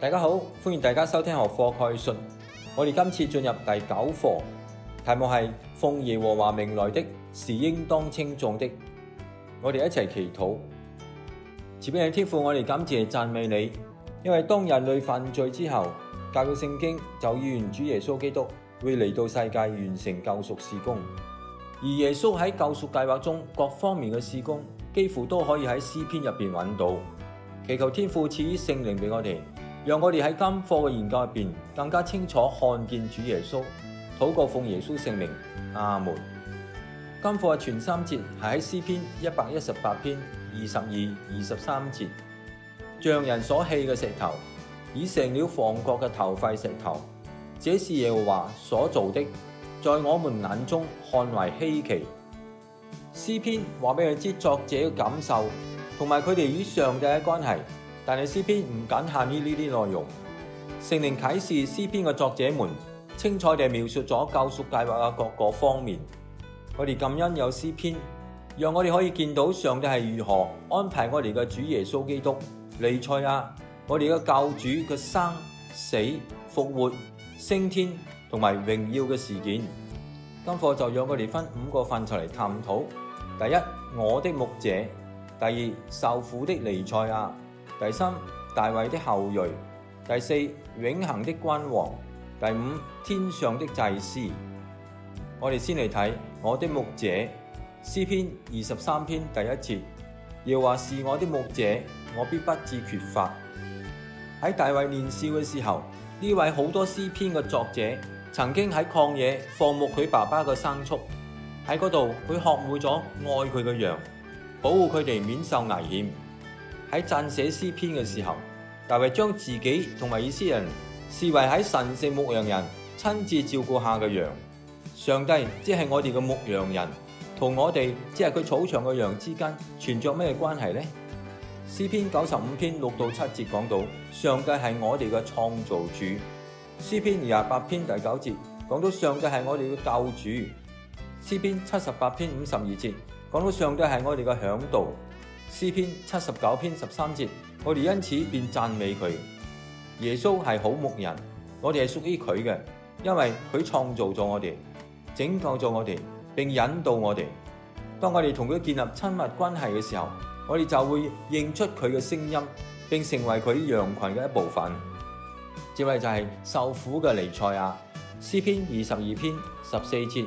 大家好，歡迎大家收聽學課概述。我哋今次進入第九課，題目係奉耶和華命來的是應當稱頌的。我哋一齊祈禱，慈悲嘅天父，我哋感謝讚美你，因為當人類犯罪之後，教嘅聖經就預言主耶穌基督會嚟到世界完成救贖事工。而耶穌喺救贖計劃中各方面嘅事工，幾乎都可以喺詩篇入面揾到。祈求天父賜予聖靈俾我哋。讓我哋喺今課嘅研究入邊更加清楚看見主耶穌，禱告奉耶穌聖名，阿門。今課嘅前三節係喺詩篇一百一十八篇二十二、二十三節，匠人所棄嘅石頭，已成了房角嘅頭塊石頭，這是耶和華所做的，在我們眼中看為稀奇。詩篇話俾佢知作者嘅感受，同埋佢哋與上帝嘅關係。但係詩篇唔僅限於呢啲內容，聖靈啟示詩篇嘅作者們清楚地描述咗救贖計劃嘅各個方面。我哋感恩有詩篇，讓我哋可以見到上帝係如何安排我哋嘅主耶穌基督彌賽亞，我哋嘅救主嘅生死復活升天同埋榮耀嘅事件。今課就讓我哋分五個範疇嚟探討：第一，我的牧者；第二，受苦的彌賽亞。第三，大衛的後裔，第四，永恒的君王，第五，天上的祭司。我哋先嚟睇，我的牧者，詩篇二十三篇第一節，要話是我的牧者，我必不致缺乏。喺大衛年少嘅時候，呢位好多詩篇嘅作者，曾經喺曠野放牧佢爸爸嘅牲畜，喺嗰度佢學會咗愛佢嘅羊，保護佢哋免受危險。喺撰寫詩篇嘅時候，大衛將自己同埋以色列人視為喺神聖牧羊人親自照顧下嘅羊。上帝即係我哋嘅牧羊人，同我哋即係佢草場嘅羊之間存在咩關係呢？詩篇九十五篇六到七節講到上帝係我哋嘅創造主。詩篇二十八篇第九節講到上帝係我哋嘅救主。詩篇七十八篇五十二節講到上帝係我哋嘅嚮導。詩篇七十九篇十三節，我哋因此便讚美佢。耶穌係好牧人，我哋係屬於佢嘅，因為佢創造咗我哋，拯救咗我哋，並引導我哋。當我哋同佢建立親密關係嘅時候，我哋就會認出佢嘅聲音，並成為佢羊群嘅一部分。接位就係受苦嘅彌賽亞詩篇二十二篇十四節，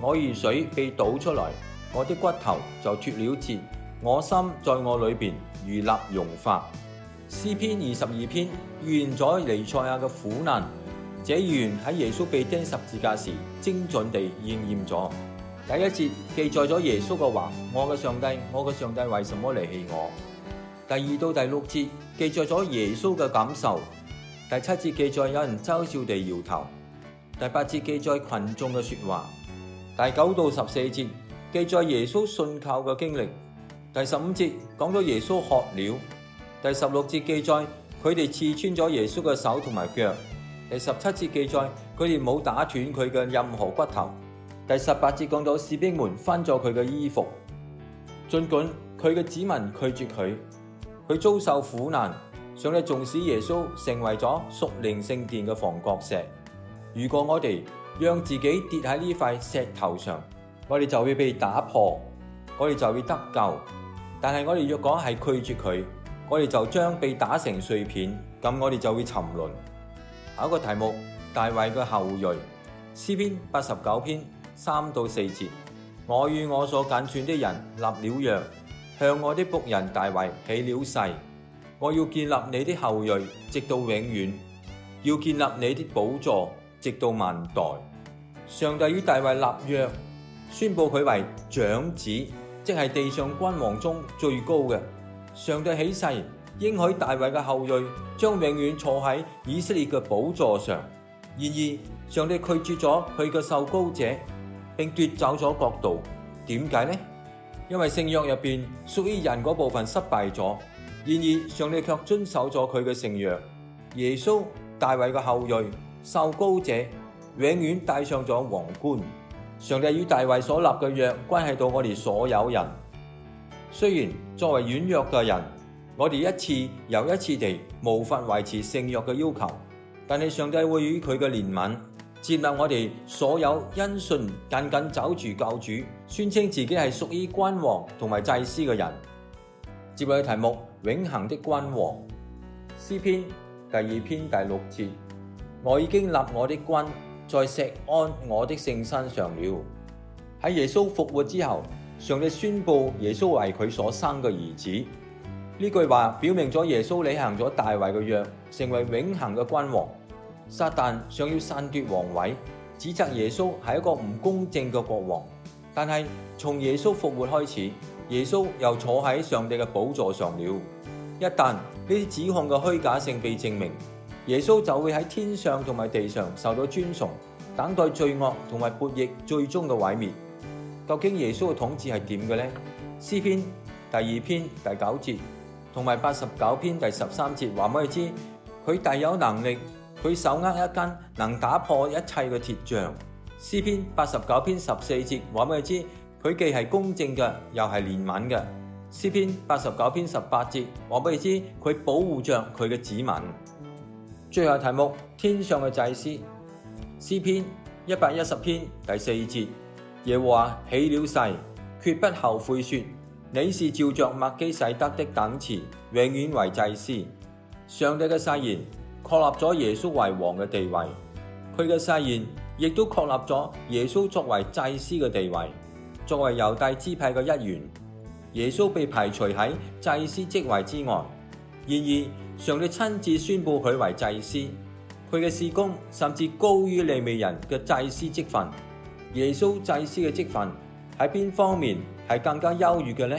我如水被倒出來，我啲骨頭就脱了節。我心在我裏邊如蠟融化。詩篇二十二篇預言咗彌賽亞嘅苦難，這預言喺耶穌被釘十字架時精準地應驗咗。第一節記載咗耶穌嘅話：我嘅上帝，我嘅上帝，為什麼離棄我？第二到第六節記載咗耶穌嘅感受。第七節記載有人嘲笑地搖頭。第八節記載群眾嘅說話。第九到十四節記載耶穌信靠嘅經歷。第十五節講到耶穌喝了。第十六節記載佢哋刺穿咗耶穌嘅手同埋腳。第十七節記載佢哋冇打斷佢嘅任何骨頭。第十八節講到士兵們分咗佢嘅衣服，盡管佢嘅子民拒絕佢，佢遭受苦難。上帝縱使耶穌成為咗屬靈聖殿嘅房角石，如果我哋讓自己跌喺呢塊石頭上，我哋就會被打破，我哋就會得救。但係我哋若果係拒絕佢，我哋就將被打成碎片，咁我哋就會沉淪。下一個題目，大衛嘅後裔，詩篇八十九篇三到四節，我與我所揀選的人立了約，向我的僕人大衛起了誓，我要建立你的後裔直到永遠，要建立你的寶座直到萬代。上帝與大衛立約，宣布佢為長子。即係地上君王中最高嘅。上帝起誓，應許大衛嘅後裔將永遠坐喺以色列嘅寶座上。然而，上帝拒絕咗佢嘅受膏者，並奪走咗國度。點解呢？因為聖約入邊屬於人嗰部分失敗咗。然而，上帝卻遵守咗佢嘅聖約。耶穌，大衛嘅後裔，受膏者，永遠戴上咗皇冠。上帝與大衛所立嘅約，關係到我哋所有人。雖然作為軟弱嘅人，我哋一次又一次地無法維持聖約嘅要求，但係上帝會與佢嘅憐憫，接納我哋所有因信緊緊走住救主，宣稱自己係屬於君王同埋祭司嘅人。接落去題目：永恆的君王，詩篇第二篇第六節。我已經立我的君。在錫安我的聖山上了。喺耶穌復活之後，上帝宣布耶穌為佢所生嘅兒子。呢句話表明咗耶穌履行咗大衛嘅約，成為永恒嘅君王。撒旦想要篡奪皇位，指責耶穌係一個唔公正嘅國王。但係從耶穌復活開始，耶穌又坐喺上帝嘅寶座上了。一旦呢啲指控嘅虛假性被證明。耶穌就會喺天上同埋地上受到尊崇，等待罪惡同埋叛逆最終嘅毀滅。究竟耶穌嘅統治係點嘅呢？詩篇第二篇第九節同埋八十九篇第十三節話俾你知，佢大有能力，佢手握一根能打破一切嘅鐵杖。詩篇八十九篇十四節話俾你知，佢既係公正嘅，又係憐憫嘅。詩篇八十九篇十八節話俾你知，佢保護着佢嘅子民。最後題目：天上嘅祭司，詩篇一百一十篇第四節，耶和華起了誓，決不後悔說，說你是照着麥基洗德的等次，永遠為祭司。上帝嘅誓言確立咗耶穌為王嘅地位，佢嘅誓言亦都確立咗耶穌作為祭司嘅地位，作為猶大支派嘅一員，耶穌被排除喺祭司職位之外，然而。上帝親自宣布佢為祭司，佢嘅事工甚至高於利未人嘅祭司職份。耶穌祭司嘅職份喺邊方面係更加優越嘅呢？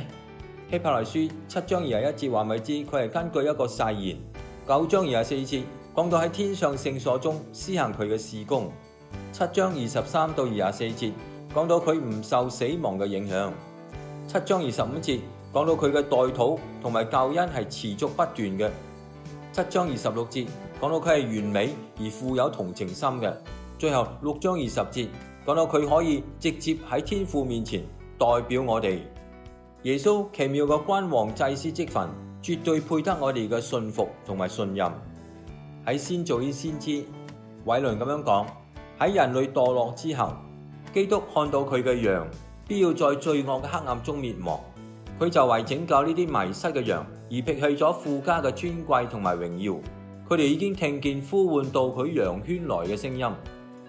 希伯來書七章二十一節話未知，佢係根據一個誓言；九章二十四節講到喺天上聖所中施行佢嘅事工；七章二十三到二十四節講到佢唔受死亡嘅影響；七章二十五節講到佢嘅代禱同埋教恩係持續不斷嘅。七章二十六節講到佢係完美而富有同情心嘅，最後六章二十節講到佢可以直接喺天父面前代表我哋。耶穌奇妙嘅君王祭司職份，絕對配得我哋嘅信服同埋信任。喺先祖先知偉倫咁樣講，喺人類墮落之後，基督看到佢嘅羊必要在罪惡嘅黑暗中滅亡。佢就為拯救呢啲迷失嘅羊而撇棄咗富家嘅尊貴同埋榮耀。佢哋已經聽見呼喚到佢羊圈來嘅聲音。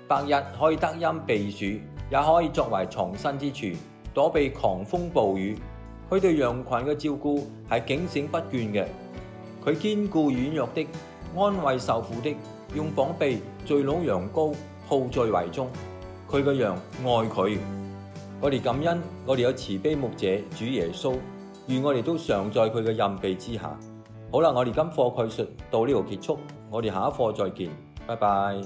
白日可以得蔭避暑，也可以作為藏身之處躲避狂風暴雨。佢對羊群嘅照顧係警醒不倦嘅。佢堅固軟弱的，安慰受苦的，用膀臂聚攏羊羔抱在懷中。佢嘅羊愛佢。我哋感恩，我哋有慈悲牧者主耶穌，願我哋都常在佢嘅蔭庇之下。好啦，我哋今課概述到呢度結束，我哋下一課再見，拜拜。